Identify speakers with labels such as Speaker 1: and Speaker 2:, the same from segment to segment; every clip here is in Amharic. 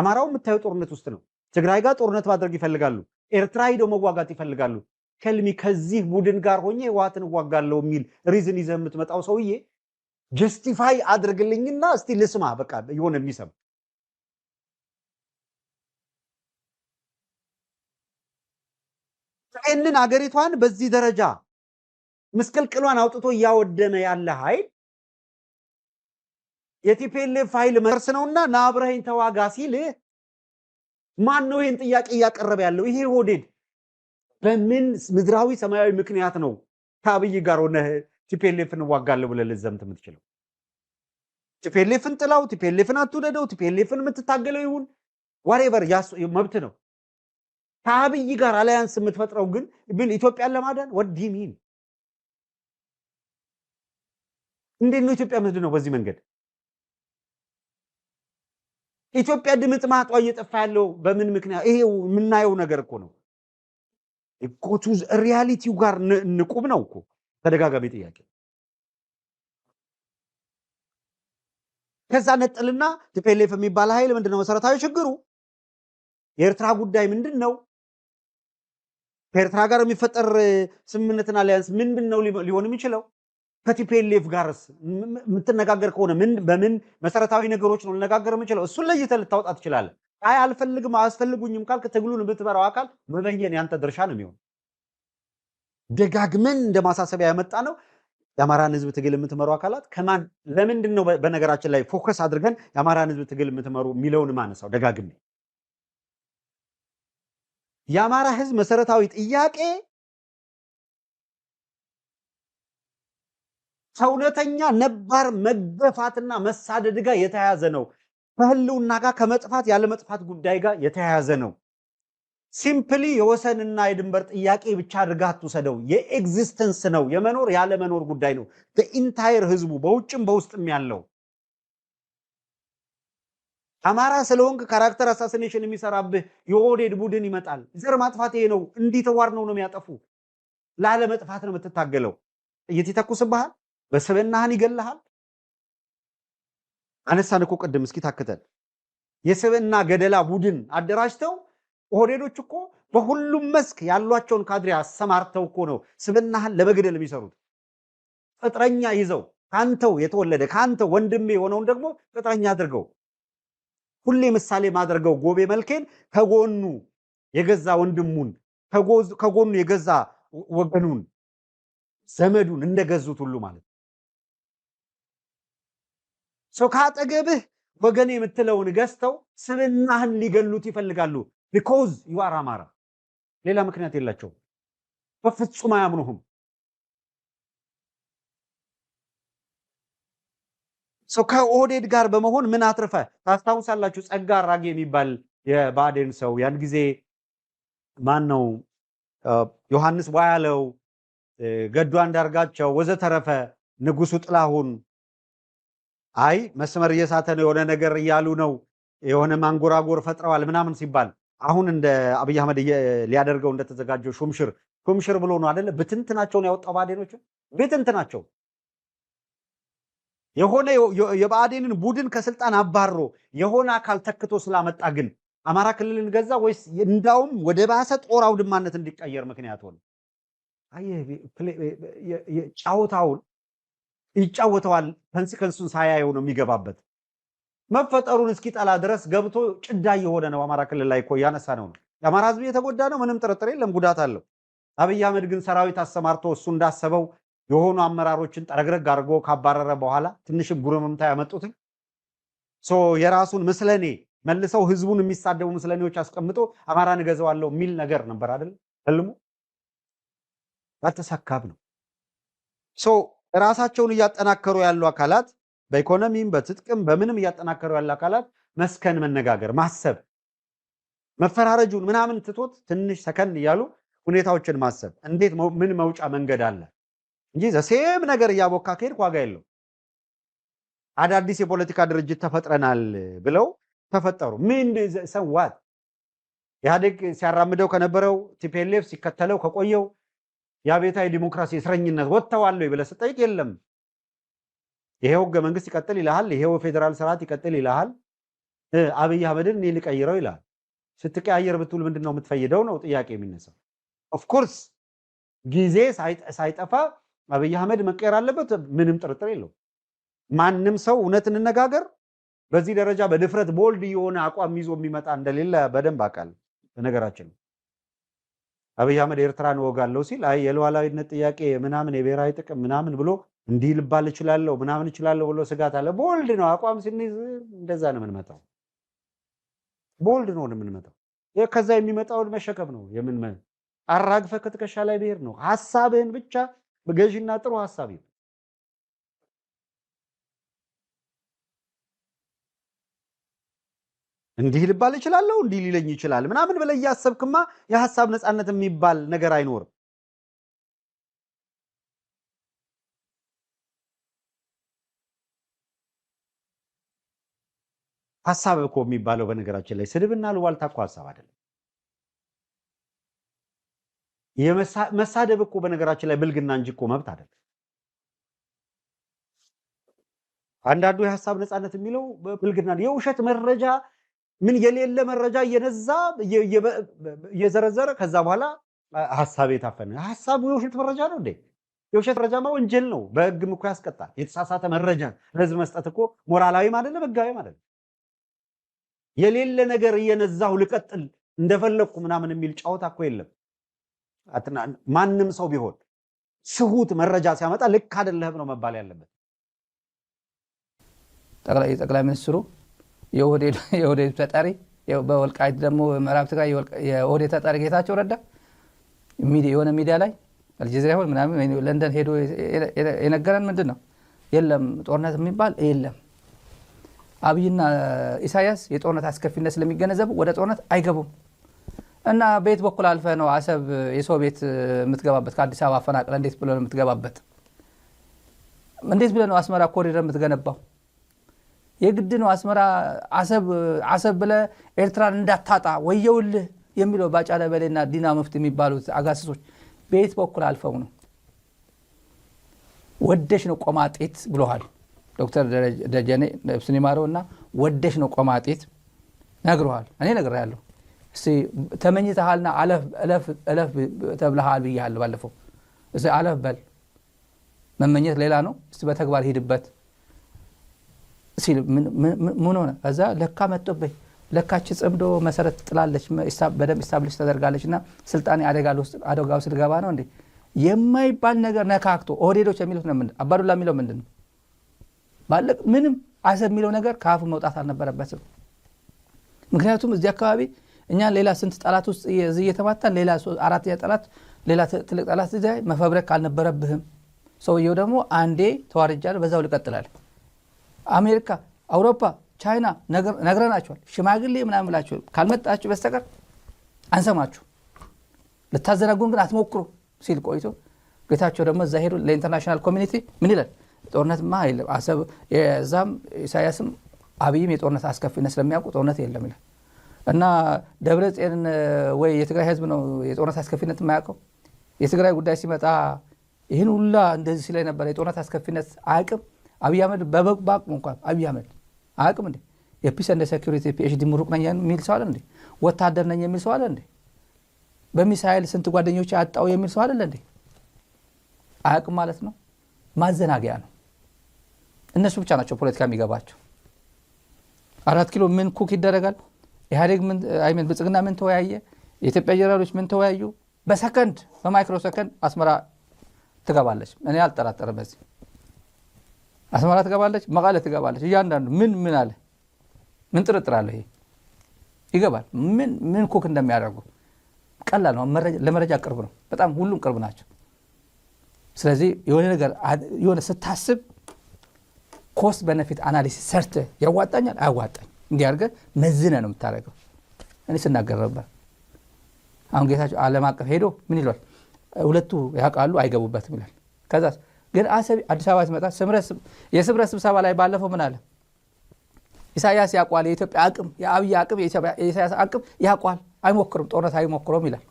Speaker 1: አማራው የምታየው ጦርነት ውስጥ ነው። ትግራይ ጋር ጦርነት ማድረግ ይፈልጋሉ። ኤርትራ ሂደው መዋጋት ይፈልጋሉ። ከልሚ ከዚህ ቡድን ጋር ሆኜ ህወሓትን እዋጋለሁ የሚል ሪዝን ይዘህ የምትመጣው ሰውዬ ጀስቲፋይ አድርግልኝና እስቲ ልስማ፣ በቃ የሆነ የሚሰማ ይህንን አገሪቷን በዚህ ደረጃ ምስቅልቅሏን አውጥቶ እያወደመ ያለ ኃይል የቲፒኤልኤፍ ኃይል መርስ ነውና ና አብረኸኝ ተዋጋ ሲል ማን ነው ይህን ጥያቄ እያቀረበ ያለው? ይሄ ሆዴድ በምን ምድራዊ ሰማያዊ ምክንያት ነው ከአብይ ጋር ሆነ ቲፒኤልኤፍ እንዋጋለሁ ብለህ ልዘምት የምትችለው? ቲፒኤልኤፍን ጥላው፣ ቲፒኤልኤፍን አትውደደው፣ ቲፒኤልኤፍን የምትታገለው ይሁን ዋሬቨር መብት ነው። ከአብይ ጋር አላያንስ የምትፈጥረው ግን ብል ኢትዮጵያን ለማዳን ወዲሚን ሚን እንዴት ነው ኢትዮጵያ ምንድን ነው በዚህ መንገድ ኢትዮጵያ ድምጥማጧ እየጠፋ ያለው በምን ምክንያት? ይሄ የምናየው ነገር እኮ ነው እኮ ቱዝ ሪያሊቲው ጋር ንቁም ነው እኮ ተደጋጋሚ ጥያቄ። ከዛ ነጥልና ቲፒኤልኤፍ የሚባል ኃይል ምንድነው መሰረታዊ ችግሩ? የኤርትራ ጉዳይ ምንድን ነው? ከኤርትራ ጋር የሚፈጠር ስምምነትና አሊያንስ ምንድን ነው ሊሆን የሚችለው? ከቲፒኤልኤፍ ጋርስ የምትነጋገር ከሆነ ምን በምን መሰረታዊ ነገሮች ነው ልነጋገር የምችለው? እሱን ለይተህ ልታወጣ ትችላለህ። አይ አልፈልግም አያስፈልጉኝም ካልክ ትግሉን የምትመራው አካል መበየን ያንተ ድርሻ ነው የሚሆን። ደጋግመን እንደ ማሳሰቢያ ያመጣ ነው። የአማራን ህዝብ ትግል የምትመሩ አካላት ከማን ለምንድን ነው በነገራችን ላይ ፎከስ አድርገን የአማራን ህዝብ ትግል የምትመሩ የሚለውን ማነሳው ደጋግሜ የአማራ ህዝብ መሰረታዊ ጥያቄ ከእውነተኛ ነባር መገፋትና መሳደድ ጋር የተያያዘ ነው። ከህልውና ጋር ከመጥፋት ያለ መጥፋት ጉዳይ ጋር የተያያዘ ነው። ሲምፕሊ የወሰንና የድንበር ጥያቄ ብቻ አድርጋ አትውሰደው። የኤግዚስተንስ ነው፣ የመኖር ያለመኖር ጉዳይ ነው። በኢንታየር ህዝቡ በውጭም በውስጥም ያለው አማራ ስለሆንክ ካራክተር አሳሲኔሽን የሚሰራብህ የኦዴድ ቡድን ይመጣል። ዘር ማጥፋት ይሄ ነው። እንዲተዋር ነው ነው የሚያጠፉ ላለመጥፋት ነው የምትታገለው። ጥይት ይተኩስብሃል። በስብዕናህን ይገልሃል። አነሳን እኮ ቅድም እስኪ ታክተን የስብና ገደላ ቡድን አደራጅተው ኦህዴዶች እኮ በሁሉም መስክ ያሏቸውን ካድሬ አሰማርተው እኮ ነው ስብናህን ለመግደል የሚሰሩት። ቅጥረኛ ይዘው ካንተው የተወለደ ካንተው ወንድሜ የሆነውን ደግሞ ቅጥረኛ አድርገው ሁሌ ምሳሌ ማድረገው ጎቤ መልኬን ከጎኑ የገዛ ወንድሙን ከጎኑ የገዛ ወገኑን ዘመዱን እንደገዙት ሁሉ ማለት ነው። ሰው ከአጠገብህ ወገን የምትለውን ገዝተው ስብናህን ሊገሉት ይፈልጋሉ። ቢኮዝ ዩአር አማራ። ሌላ ምክንያት የላቸውም። በፍጹም አያምኑህም። ሰው ከኦህዴድ ጋር በመሆን ምን አትርፈ? ታስታውሳላችሁ? ጸጋ አራጌ የሚባል የባዴን ሰው ያን ጊዜ ማን ነው ዮሐንስ ዋያለው፣ ገዱ አንዳርጋቸው፣ ወዘተረፈ ንጉሱ ጥላሁን አይ መስመር እየሳተ ነው የሆነ ነገር እያሉ ነው የሆነ ማንጎራጎር ፈጥረዋል ምናምን ሲባል አሁን እንደ አብይ አህመድ ሊያደርገው እንደተዘጋጀው ሹምሽር ሹምሽር ብሎ ነው አደለ? ብትንትናቸውን ያወጣው ብአዴኖች ብትንትናቸው የሆነ የብአዴንን ቡድን ከስልጣን አባሮ የሆነ አካል ተክቶ ስላመጣ ግን አማራ ክልልን ገዛ ወይስ እንዳውም ወደ ባሰ ጦር አውድማነት እንዲቀየር ምክንያት ሆነ? ጫወታውን ይጫወተዋል። ኮንሲከንሱን ሳያየው ነው የሚገባበት። መፈጠሩን እስኪጠላ ድረስ ገብቶ ጭዳ እየሆነ ነው። አማራ ክልል ላይ እኮ እያነሳ ነው ነው የአማራ ህዝብ የተጎዳ ነው። ምንም ጥርጥር የለም፣ ጉዳት አለው። አብይ አህመድ ግን ሰራዊት አሰማርቶ እሱ እንዳሰበው የሆኑ አመራሮችን ጠረግረግ አድርጎ ካባረረ በኋላ ትንሽም ጉርምምታ ያመጡትን የራሱን ምስለኔ መልሰው ህዝቡን የሚሳደቡ ምስለኔዎች አስቀምጦ አማራን እገዛዋለሁ የሚል ነገር ነበር አይደለም ህልሙ። አልተሳካም ነው ራሳቸውን እያጠናከሩ ያሉ አካላት በኢኮኖሚም በትጥቅም በምንም እያጠናከሩ ያሉ አካላት መስከን፣ መነጋገር፣ ማሰብ መፈራረጁን ምናምን ትቶት ትንሽ ሰከን እያሉ ሁኔታዎችን ማሰብ እንዴት ምን መውጫ መንገድ አለ እንጂ ዘሴም ነገር እያቦካ ከሄድ ዋጋ የለው። አዳዲስ የፖለቲካ ድርጅት ተፈጥረናል ብለው ተፈጠሩ። ምን ሰዋት ኢህአዴግ ሲያራምደው ከነበረው ቲፒኤልኤፍ ሲከተለው ከቆየው የአብዮታዊ ዲሞክራሲ እስረኝነት ወጥተዋለሁ ወይ ብለህ ስጠይቅ የለም። ይሄው ህገ መንግስት ይቀጥል ይልሃል። ይሄው ፌዴራል ስርዓት ይቀጥል ይልሃል። አብይ አህመድን እኔ ልቀይረው ይላል። ስትቀያየር ብትውል ምንድን ነው የምትፈይደው? ነው ጥያቄ የሚነሳው። ኦፍኮርስ ጊዜ ሳይጠፋ አብይ አህመድ መቀየር አለበት። ምንም ጥርጥር የለው። ማንም ሰው እውነት እንነጋገር፣ በዚህ ደረጃ በድፍረት ቦልድ የሆነ አቋም ይዞ የሚመጣ እንደሌለ በደንብ አውቃለሁ። በነገራችን አብይ አህመድ ኤርትራን እወጋለሁ ሲል አይ የሉዓላዊነት ጥያቄ ምናምን የብሔራዊ ጥቅም ምናምን ብሎ እንዲህ ልባል እችላለሁ ምናምን እችላለሁ ብሎ ስጋት አለ። ቦልድ ነው አቋም ስንይዝ እንደዛ ነው የምንመጣው። ቦልድ ነው የምንመጣው። ከዛ የሚመጣውን መሸከም ነው የምን አራግፈ ከትከሻ ላይ ብሄር ነው ሀሳብህን ብቻ ገዥና ጥሩ ሀሳብ እንዲህ ልባል እችላለሁ እንዲህ ሊለኝ ይችላል ምናምን ብለህ እያሰብክማ የሀሳብ ነፃነት የሚባል ነገር አይኖርም። ሀሳብ እኮ የሚባለው በነገራችን ላይ ስድብና ልዋልታ እኮ ሀሳብ አይደለም። መሳደብ እኮ በነገራችን ላይ ብልግና እንጂ እኮ መብት አይደለም። አንዳንዱ የሀሳብ ነፃነት የሚለው ብልግና የውሸት መረጃ ምን የሌለ መረጃ እየነዛ እየዘረዘረ ከዛ በኋላ ሀሳብ የታፈነ ሀሳቡ የውሸት መረጃ ነው እንዴ? የውሸት መረጃማ ወንጀል ነው፣ በህግም እኮ ያስቀጣል። የተሳሳተ መረጃ ለህዝብ መስጠት እኮ ሞራላዊም አይደለም ህጋዊም አይደለም። የሌለ ነገር እየነዛሁ ልቀጥል እንደፈለግኩ ምናምን የሚል ጫወታ እኮ የለም። ማንም ሰው ቢሆን ስሁት መረጃ ሲያመጣ ልክ አደለህም ነው መባል ያለበት።
Speaker 2: ጠቅላይ ሚኒስትሩ የኦህዴድ ተጠሪ በወልቃይት ደግሞ ምዕራብ ትግራይ የኦህዴድ ተጠሪ ጌታቸው ረዳ የሆነ ሚዲያ ላይ አልጀዚራ ሆን ምናምን ለንደን ሄዶ የነገረን ምንድን ነው? የለም ጦርነት የሚባል የለም። አብይና ኢሳያስ የጦርነት አስከፊነት ስለሚገነዘቡ ወደ ጦርነት አይገቡም። እና በየት በኩል አልፈ ነው አሰብ የሰው ቤት የምትገባበት? ከአዲስ አበባ አፈናቅለ እንዴት ብለ ነው የምትገባበት? እንዴት ብለ ነው አስመራ ኮሪደር የምትገነባው? የግድ ነው አስመራ አሰብ ብለ ኤርትራን እንዳታጣ ወየውልህ የሚለው ባጫ ደበሌና ዲና መፍት የሚባሉት አጋስሶች በየት በኩል አልፈው ነው? ወደሽ ነው ቆማጤት ብለል ዶክተር ደጀኔ ስኒማሮ እና ወደሽ ነው ቆማጤት ነግረዋል። እኔ ያለሁ እ ተመኝተሃልና እለፍ ተብለሃል ብያለሁ ባለፈው። እ አለፍ በል መመኘት ሌላ ነው። እስቲ በተግባር ሂድበት። ሲል ምን ሆነ? ከዛ ለካ መጥቶበኝ ለካች ጽምዶ መሰረት ጥላለች፣ በደንብ ኢስታብሊሽ ተደርጋለች እና ስልጣኔ አደጋ ውስጥ ልገባ ነው እንዴ? የማይባል ነገር ነካክቶ ኦህዴዶች የሚሉት ነው። ምንድን አባዱላ የሚለው ምንድን ነው? ባለቅ ምንም አሰብ የሚለው ነገር ከአፉ መውጣት አልነበረበትም። ምክንያቱም እዚህ አካባቢ እኛ ሌላ ስንት ጠላት ውስጥ እዚ እየተማታን ሌላ አራተኛ ጠላት ሌላ ትልቅ ጠላት መፈብረክ አልነበረብህም። ሰውየው ደግሞ አንዴ ተዋርጃለሁ፣ በዛው ልቀጥላል። አሜሪካ፣ አውሮፓ፣ ቻይና ነግረናቸዋል። ሽማግሌ ምናምን ብላችሁ ካልመጣችሁ በስተቀር አንሰማችሁ፣ ልታዘናጉን ግን አትሞክሩ ሲል ቆይቶ ጌታቸው ደግሞ እዛ ሄዱ። ለኢንተርናሽናል ኮሚኒቲ ምን ይላል? ጦርነትማ የለም እዛም ኢሳያስም አብይም የጦርነት አስከፊነት ስለሚያውቁ ጦርነት የለም ይላል እና ደብረ ጽዮንን ወይ የትግራይ ህዝብ ነው የጦርነት አስከፊነት የማያውቀው? የትግራይ ጉዳይ ሲመጣ ይህን ሁላ እንደዚህ ሲላይ ነበር። የጦርነት አስከፊነት አያውቅም። አብይ አህመድ በአቅሙ እንኳን አብይ አህመድ አቅም እንዴ የፒስ እንደ ሴኩሪቲ ፒኤችዲ ምሩቅ ነኝ የሚል ሰው አለ እንዴ? ወታደር ነኝ የሚል ሰው አለ እንዴ? በሚሳኤል ስንት ጓደኞች አጣው የሚል ሰው አለ እንዴ? አቅም ማለት ነው። ማዘናጊያ ነው። እነሱ ብቻ ናቸው ፖለቲካ የሚገባቸው። አራት ኪሎ ምን ኩክ ይደረጋል? ኢህአዴግ ምን ብልጽግና ምን ተወያየ? የኢትዮጵያ ጀነራሎች ምን ተወያዩ? በሰከንድ በማይክሮ ሰከንድ አስመራ ትገባለች። እኔ አልጠራጠርም በዚህ አስመራ ትገባለች፣ መቃለ ትገባለች። እያንዳንዱ ምን ምን አለ ምን ጥርጥር አለ? ይሄ ይገባል። ምን ምን ኩክ እንደሚያደርጉ ቀላል ነው። ለመረጃ ቅርብ ነው። በጣም ሁሉም ቅርብ ናቸው። ስለዚህ የሆነ ነገር የሆነ ስታስብ ኮስት በነፊት አናሊሲስ ሰርተ ያዋጣኛል አያዋጣኝ እንዲህ አድርገ መዝነ ነው የምታደርገው። እኔ ስናገር ነበር። አሁን ጌታቸው ዓለም አቀፍ ሄዶ ምን ይሏል? ሁለቱ ያውቃሉ አይገቡበትም ይላል። ከዛስ ግን አሰብ አዲስ አበባ ሲመጣ የስምረት ስብሰባ ላይ ባለፈው ምን አለ? ኢሳያስ ያቋል የኢትዮጵያ አቅም የአብይ አቅም የኢሳያስ አቅም ያቋል፣ አይሞክርም፣ ጦርነት አይሞክረውም ይላል።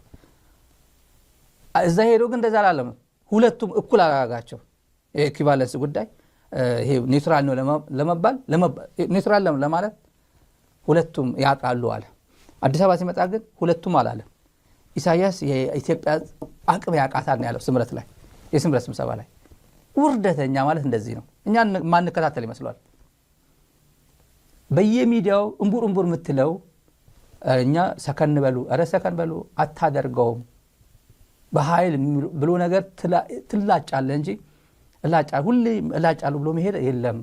Speaker 2: እዛ ሄዶ ግን እንደዛ አላለም። ሁለቱም እኩል አላጋቸው የኤኪቫለንስ ጉዳይ ይሄ ኒውትራል ነው ለመባል ኒውትራል ለማለት ሁለቱም ያቃሉ አለ። አዲስ አበባ ሲመጣ ግን ሁለቱም አላለም። ኢሳያስ የኢትዮጵያ አቅም ያቃታል ነው ያለው ስምረት ላይ የስምረት ስብሰባ ላይ ውርደተኛ ማለት እንደዚህ ነው። እኛ ማንከታተል ይመስሏል። በየሚዲያው እምቡር እምቡር የምትለው እኛ ሰከን በሉ፣ ረ ሰከን በሉ፣ አታደርገውም። በኃይል ብሎ ነገር ትላጫለ እንጂ ሁሌ እላጫሉ ብሎ መሄድ የለም።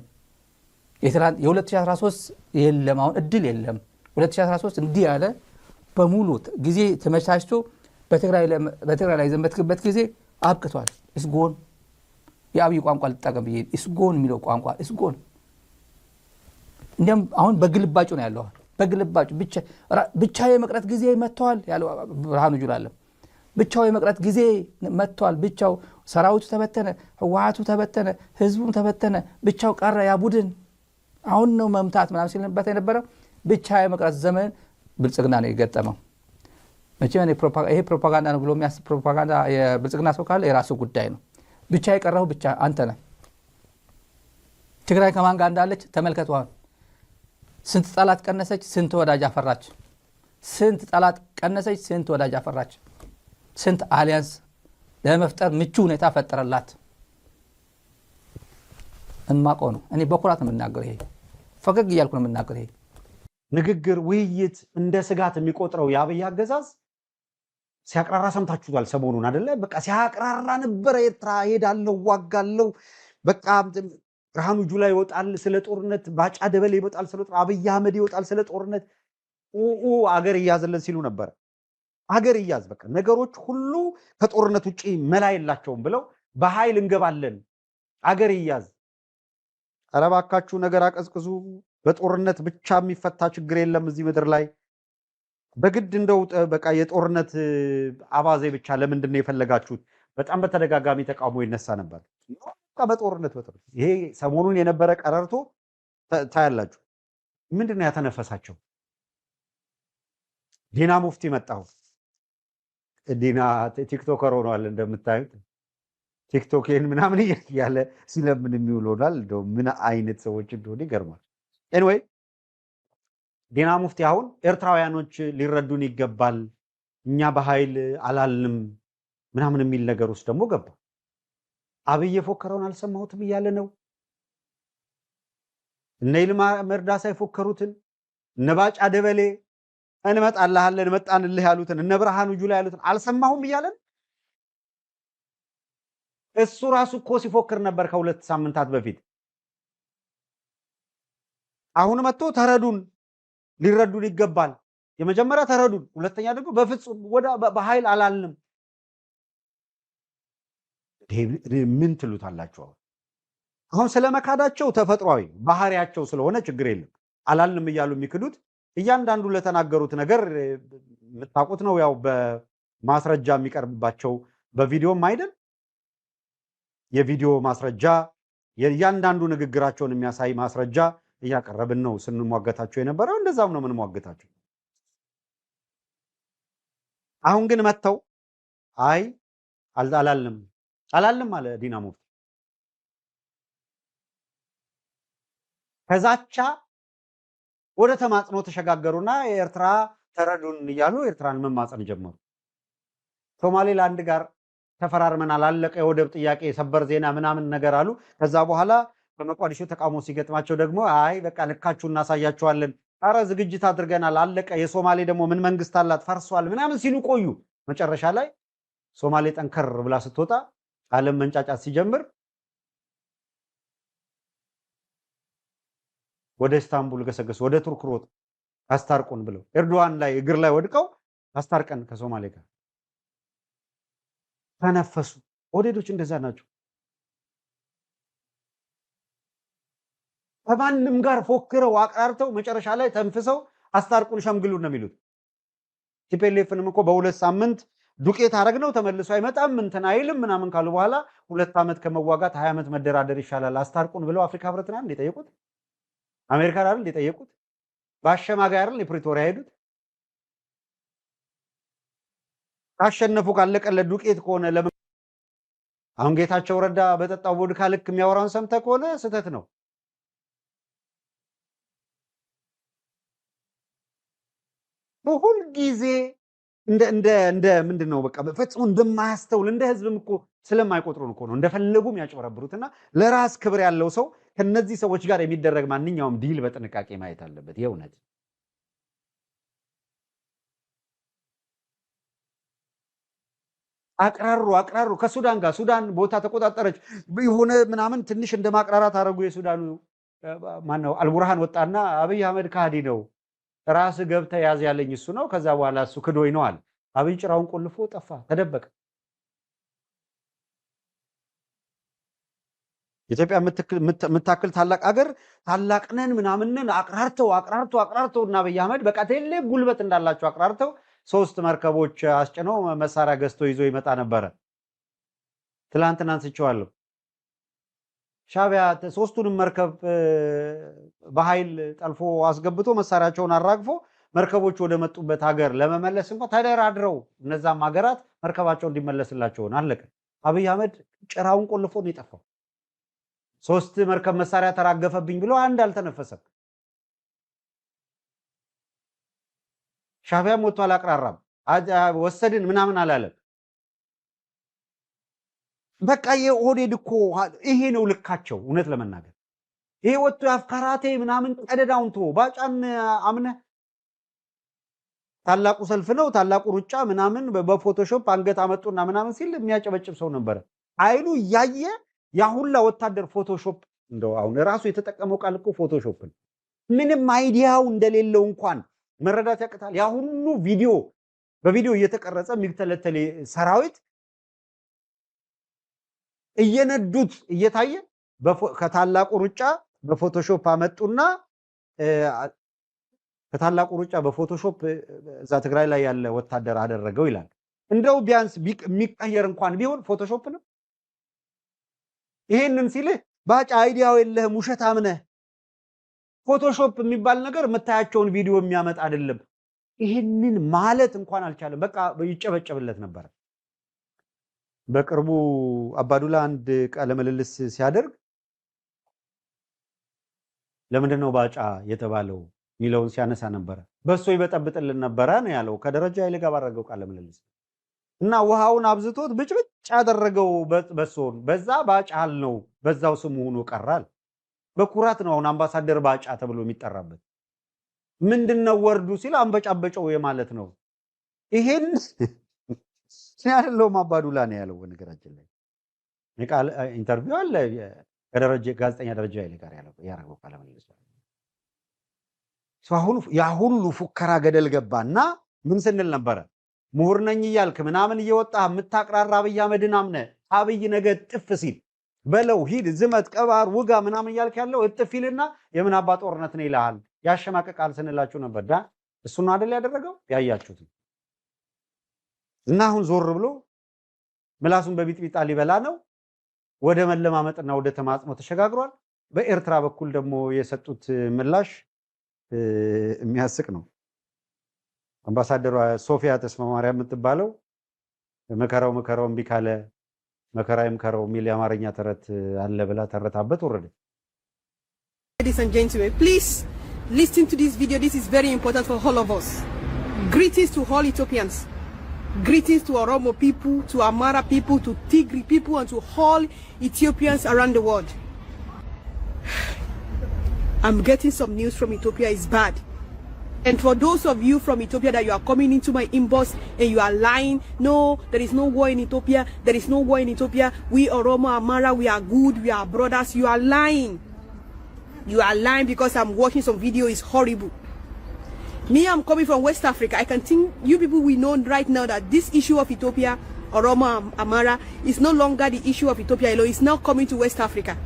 Speaker 2: የ2013 የለም፣ አሁን እድል የለም። 2013 እንዲህ ያለ በሙሉ ጊዜ ተመቻችቶ በትግራይ ላይ ዘመትክበት ጊዜ አብቅቷል። እስጎን የአብይ ቋንቋ ልጠቀም ብዬ እስጎን የሚለው ቋንቋ እስጎን እንዲም አሁን በግልባጩ ነው ያለዋል። በግልባጩ ብቻ የመቅረት ጊዜ መጥተዋል ያለው ብርሃኑ ጁላ ብቻው የመቅረት ጊዜ መጥተዋል ብቻው ሰራዊቱ ተበተነ፣ ህወሀቱ ተበተነ፣ ህዝቡም ተበተነ፣ ብቻው ቀረ ያ ቡድን። አሁን ነው መምታት ምናም ሲልበት የነበረው ብቻ የመቅረት ዘመን ብልጽግና ነው የገጠመው። መቼ ይሄ ፕሮፓጋንዳ ነው ብሎ የሚያስብ ፕሮፓጋንዳ የብልጽግና ሰው ካለ የራሱ ጉዳይ ነው። ብቻ የቀረሁ ብቻ አንተ ነህ። ትግራይ ከማን ጋር እንዳለች ተመልከት። ስንት ጠላት ቀነሰች፣ ስንት ወዳጅ አፈራች። ስንት ጠላት ቀነሰች፣ ስንት ወዳጅ አፈራች። ስንት አሊያንስ ለመፍጠር ምቹ ሁኔታ ፈጠረላት። እማቆ ነው። እኔ በኩራት ነው የምናገር። ይሄ ፈገግ እያልኩ ነው የምናገር። ይሄ
Speaker 1: ንግግር፣ ውይይት እንደ ስጋት የሚቆጥረው የአብይ አገዛዝ ሲያቅራራ ሰምታችሁታል። ሰሞኑን አደለ? በቃ ሲያቅራራ ነበረ። ኤርትራ ሄዳለው፣ ዋጋለው፣ በቃ ብርሃኑ ጁላ ይወጣል ስለ ጦርነት፣ ባጫ ደበሌ ይወጣል ስለ ጦርነት፣ አብይ አህመድ ይወጣል ስለ ጦርነት፣ አገር እያዝለን ሲሉ ነበረ። አገር እያዝ በቃ ነገሮች ሁሉ ከጦርነት ውጭ መላ የላቸውም ብለው በኃይል እንገባለን፣ አገር እያዝ። ኧረ እባካችሁ ነገር አቀዝቅዙ። በጦርነት ብቻ የሚፈታ ችግር የለም እዚህ ምድር ላይ። በግድ እንደው በቃ የጦርነት አባዜ ብቻ ለምንድን ነው የፈለጋችሁት? በጣም በተደጋጋሚ ተቃውሞ ይነሳ ነበር። በጦርነት ይሄ ሰሞኑን የነበረ ቀረርቶ ታያላችሁ። ምንድን ነው ያተነፈሳቸው? ዲና ሙፍቲ መጣሁ። ዲና ቲክቶከር ሆኗል እንደምታዩት፣ ቲክቶኬን ምናምን እያለ ሲለምን የሚውል ሆኗል። ምን አይነት ሰዎች እንደሆነ ይገርማል። ኤንዌይ ዲና ሙፍቲ አሁን ኤርትራውያኖች ሊረዱን ይገባል፣ እኛ በኃይል አላልንም ምናምን የሚል ነገር ውስጥ ደግሞ ገባ። አብይ የፎከረውን አልሰማሁትም እያለ ነው። እነ ይልማ መርዳሳ የፎከሩትን እነ ባጫ ደበሌ እንመጣልሃለን መጣንልህ ያሉትን እነ ብርሃኑ ጁላ ያሉትን አልሰማሁም እያለን እሱ ራሱ እኮ ሲፎክር ነበር ከሁለት ሳምንታት በፊት። አሁን መጥቶ ተረዱን ሊረዱን ይገባል። የመጀመሪያ ተረዱን፣ ሁለተኛ ደግሞ በፍጹም ወደ በኃይል አላልንም። ምን ትሉታላችሁ? አሁን አሁን ስለ መካዳቸው ተፈጥሯዊ ባህሪያቸው ስለሆነ ችግር የለም። አላልንም እያሉ የሚክዱት እያንዳንዱ ለተናገሩት ነገር የምታውቁት ነው። ያው በማስረጃ የሚቀርብባቸው በቪዲዮም አይደል የቪዲዮ ማስረጃ የእያንዳንዱ ንግግራቸውን የሚያሳይ ማስረጃ እያቀረብን ነው ስንሟገታቸው የነበረው። እንደዛም ነው ምንሟገታቸው አሁን ግን መጥተው አይ አላልንም አላልንም አለ ዲና ሙፍቲ። ከዛቻ ወደ ተማጽኖ ተሸጋገሩና የኤርትራ ተረዱን እያሉ ኤርትራን መማፀን ጀመሩ። ሶማሌላንድ ጋር ተፈራርመን አላለቀ የወደብ ጥያቄ የሰበር ዜና ምናምን ነገር አሉ። ከዛ በኋላ በሞቃዲሾ ተቃውሞ ሲገጥማቸው ደግሞ አይ በቃ ልካችሁ እናሳያችኋለን፣ ኧረ ዝግጅት አድርገናል፣ አለቀ፣ የሶማሌ ደግሞ ምን መንግስት አላት ፈርሷል ምናምን ሲሉ ቆዩ። መጨረሻ ላይ ሶማሌ ጠንከር ብላ ስትወጣ ዓለም መንጫጫት ሲጀምር ወደ ኢስታንቡል ገሰገሱ፣ ወደ ቱርክ ሮጥ አስታርቁን ብለው ኤርዶዋን ላይ እግር ላይ ወድቀው አስታርቀን ከሶማሌ ጋር ተነፈሱ። ኦህዴዶች እንደዛ ናቸው። ከማንም ጋር ፎክረው አቅራርተው መጨረሻ ላይ ተንፍሰው አስታርቁን ሸምግሉን ነው የሚሉት። ቲፔሌፍንም እኮ በሁለት ሳምንት ዱቄት አረግ ነው ተመልሶ አይመጣም እንትን አይልም ምናምን ካሉ በኋላ ሁለት ዓመት ከመዋጋት ሀያ ዓመት መደራደር ይሻላል አስታርቁን ብለው አፍሪካ ህብረትን አይደል እንደጠየቁት አሜሪካን አይደል እንደጠየቁት በአሸማጋይ አይደል የፕሪቶሪያ ሄዱት? ካሸነፉ ካለቀለ ዱቄት ከሆነ ለምን አሁን ጌታቸው ረዳ በጠጣው ቦድካ ልክ የሚያወራውን ሰምተህ ከሆነ ስህተት ነው። በሁል ጊዜ እንደ ምንድን ነው በቃ ፈጽሞ እንደማያስተውል እንደ ህዝብም እኮ ስለማይቆጥሩን እኮ ነው እንደፈለጉም ያጭበረብሩትና ለራስ ክብር ያለው ሰው ከነዚህ ሰዎች ጋር የሚደረግ ማንኛውም ዲል በጥንቃቄ ማየት አለበት። የእውነት አቅራሩ አቅራሩ ከሱዳን ጋር ሱዳን ቦታ ተቆጣጠረች የሆነ ምናምን ትንሽ እንደ ማቅራራት አደረጉ። የሱዳኑ ማነው አልቡርሃን ወጣና አብይ አህመድ ካህዲ ነው ራስ ገብተ ያዝ ያለኝ እሱ ነው። ከዛ በኋላ እሱ ክዶኝ ነው አለ። አብይ ጭራውን ቆልፎ ጠፋ፣ ተደበቀ። ኢትዮጵያ የምታክል ታላቅ አገር ታላቅነን ምናምንን አቅራርተው አቅራርተው አቅራርተው እና አብይ አህመድ በቃ ቴሌ ጉልበት እንዳላቸው አቅራርተው ሶስት መርከቦች አስጭነው መሳሪያ ገዝቶ ይዞ ይመጣ ነበረ። ትላንትና አንስቼዋለሁ። ሻቢያ ሶስቱንም መርከብ በኃይል ጠልፎ አስገብቶ መሳሪያቸውን አራግፎ መርከቦች ወደ መጡበት ሀገር ለመመለስ እንኳ ተደራድረው እነዛም ሀገራት መርከባቸው እንዲመለስላቸውን አለቀ። አብይ አህመድ ጭራውን ቆልፎ ነው የጠፋው። ሶስት መርከብ መሳሪያ ተራገፈብኝ ብሎ አንድ አልተነፈሰም። ሻቢያም ወጥቶ አላቅራራም። ወሰድን ምናምን አላለም። በቃ የኦህዴድ እኮ ይሄ ነው ልካቸው። እውነት ለመናገር ይሄ ወጥቶ የአፍካራቴ ምናምን ቀደዳውን ቶ ባጫን አምነ ታላቁ ሰልፍ ነው ታላቁ ሩጫ ምናምን በፎቶሾፕ አንገት አመጡና ምናምን ሲል የሚያጨበጭብ ሰው ነበረ። አይሉ እያየ ያሁላ ወታደር ፎቶሾፕ እንደው አሁን ራሱ የተጠቀመው ቃል እኮ ነው። ምንም አይዲያው እንደሌለው እንኳን መረዳት ያቅታል። ያሁሉ ቪዲዮ በቪዲዮ እየተቀረጸ የሚተለተል ሰራዊት እየነዱት እየታየ ከታላቁ ሩጫ በፎቶሾፕ አመጡና ከታላቁ ሩጫ በፎቶሾፕ እዛ ትግራይ ላይ ያለ ወታደር አደረገው ይላል። እንደው ቢያንስ የሚቀየር እንኳን ቢሆን ፎቶሾፕ ነው። ይሄንን ሲልህ ባጭ አይዲያው የለህም፣ ውሸታም ነህ። ፎቶሾፕ የሚባል ነገር የምታያቸውን ቪዲዮ የሚያመጣ አይደለም። ይህንን ማለት እንኳን አልቻለም። በቃ ይጨበጨብለት ነበረ። በቅርቡ አባዱላ አንድ ቃለ ምልልስ ሲያደርግ ለምንድን ነው ባጫ የተባለው ሚለውን ሲያነሳ ነበረ። በሶ ይበጠብጥልን ነበረ ነው ያለው። ከደረጃ ኃይሌ ጋር ባደረገው ቃለ ምልልስ እና ውሃውን አብዝቶት ብጭብጭ ያደረገው በሶን በዛ ባጫ አልነው በዛው ስሙ ሆኖ ቀራል። በኩራት ነው አሁን አምባሳደር ባጫ ተብሎ የሚጠራበት። ምንድን ነው ወርዱ ሲል አንበጫበጨው የማለት ነው ይሄን እኔ አይደለሁም አባዱላ ነው ያለው። በነገራችን ላይ ኢንተርቪው አለ ጋዜጠኛ ደረጃ ጋር ያደረገው ቃለ ምልልስ ያ ሁሉ ፉከራ ገደል ገባና ምን ስንል ነበረ? ምሁር ነኝ እያልክ ምናምን እየወጣ የምታቅራራ አብይ አህመድን አምነ አብይ ነገ እጥፍ ሲል በለው ሂድ፣ ዝመት፣ ቀባር፣ ውጋ ምናምን እያልክ ያለው እጥፍ ይልና የምን አባ ጦርነት ነው ይልሃል፣ ያሸማቀቃል ስንላችሁ ነበር። ዳ እሱ ነው አደል ያደረገው ያያችሁት እና አሁን ዞር ብሎ ምላሱን በቢጥቢጣ ሊበላ ነው። ወደ መለማመጥና ወደ ተማጽኖ ተሸጋግሯል። በኤርትራ በኩል ደግሞ የሰጡት ምላሽ የሚያስቅ ነው። አምባሳደሯ ሶፊያ ተስማማሪያ የምትባለው መከራው መከራው እምቢ ካለ መከራ ይምከረው የሚል የአማርኛ ተረት አለ ብላ ተረታበት ወረደች።
Speaker 3: Ladies and gentlemen, please listen to this video. This is very important for all of us. Greetings to Oromo people, to Amara people, to Tigray people, and to all Ethiopians around the world. I'm getting some news from Ethiopia is bad. And for those of you from Ethiopia that you are coming into my inbox and you are lying, no, there is no war in Ethiopia. There is no war in Ethiopia. We Oromo Amara, we are good. We are brothers. You are lying. You are lying because I'm watching some video. It's horrible. Me, I'm coming from West Africa. I can think you people we know right now that this issue of Ethiopia, Oromo Amara, is no longer the issue of Ethiopia alone. It's now coming to West Africa.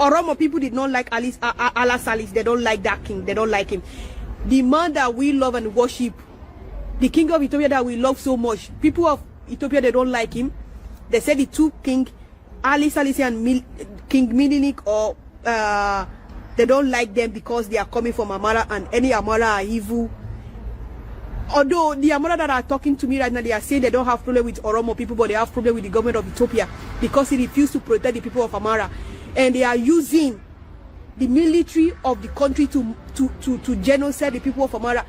Speaker 3: Oromo people did not like Alice, uh, Salis. They don't like that king. They don't like him. The man that we love and worship, the king of Ethiopia that we love so much, people of Ethiopia, they don't like him. They said the two king, Ali Salis and Mil King Milinik, or uh, they don't like them because they are coming from Amara and any Amara are evil although the Amora that are talking to me right now, they are saying they don't have problem with Oromo people, but they have problem with the government of Ethiopia because it refused to protect the people of Amara, and they are using the military of the country to to to, to genocide the people of Amara,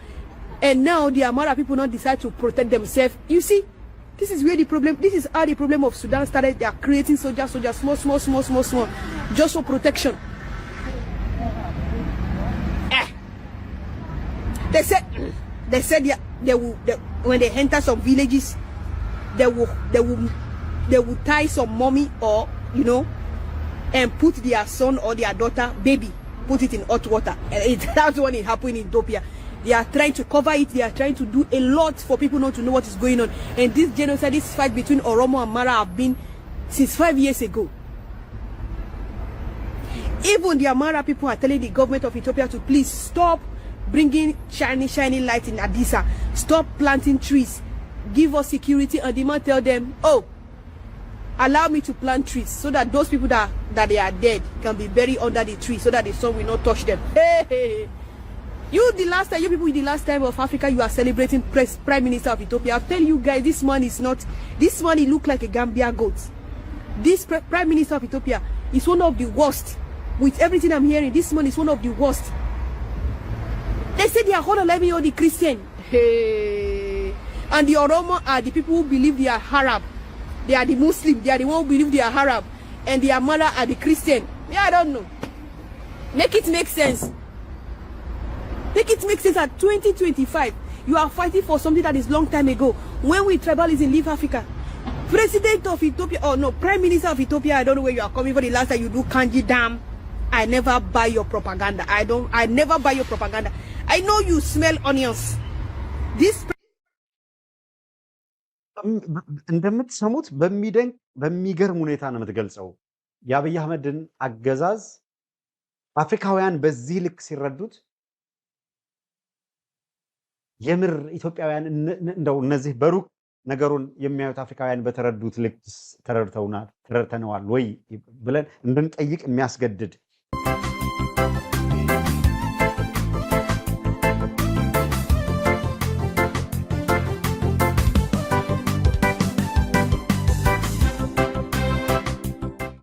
Speaker 3: and now the Amara people not decide to protect themselves. You see, this is where the problem. This is how the problem of Sudan started. They are creating soldiers, soldiers, small, small, small, small, small, just for protection. Eh. They said. They said they, they will they, when they enter some villages, they will they will they will tie some mommy or you know, and put their son or their daughter baby put it in hot water. And it, that's what is it happened in Ethiopia. They are trying to cover it. They are trying to do a lot for people not to know what is going on. And this genocide, this fight between Oromo and Mara have been since five years ago. Even the Amara people are telling the government of Ethiopia to please stop bringing shiny, shiny light in Adisa. Stop planting trees. Give us security and demand tell them, oh, allow me to plant trees so that those people that, that they are dead can be buried under the tree so that the sun will not touch them. Hey, You, the last time, you people, the last time of Africa, you are celebrating press, Prime Minister of Ethiopia. I'll tell you guys, this man is not, this man, he look like a Gambia goat. This Prime Minister of Ethiopia is one of the worst. With everything I'm hearing, this man is one of the worst. They say they are Hololemi or the Christian. Hey. And the Oromo are the people who believe they are Arab. They are the Muslim. They are the one who believe they are Arab. And the Amala are the Christian. Yeah, I don't know. Make it make sense. Make it make sense at 2025. You are fighting for something that is long time ago. When we tribalism leave Africa, president of Ethiopia, or oh no, prime minister of Ethiopia, I don't know where you are coming from. The last time you do Kanji Dam, I never buy your propaganda. I don't, I never buy your propaganda. I know you smell onions. This
Speaker 1: እንደምትሰሙት በሚደንቅ በሚገርም ሁኔታ ነው የምትገልጸው። የአብይ አህመድን አገዛዝ አፍሪካውያን በዚህ ልክ ሲረዱት የምር ኢትዮጵያውያን እንደው እነዚህ በሩቅ ነገሩን የሚያዩት አፍሪካውያን በተረዱት ልክ ተረድተውናል ተረድተነዋል ወይ ብለን እንድንጠይቅ የሚያስገድድ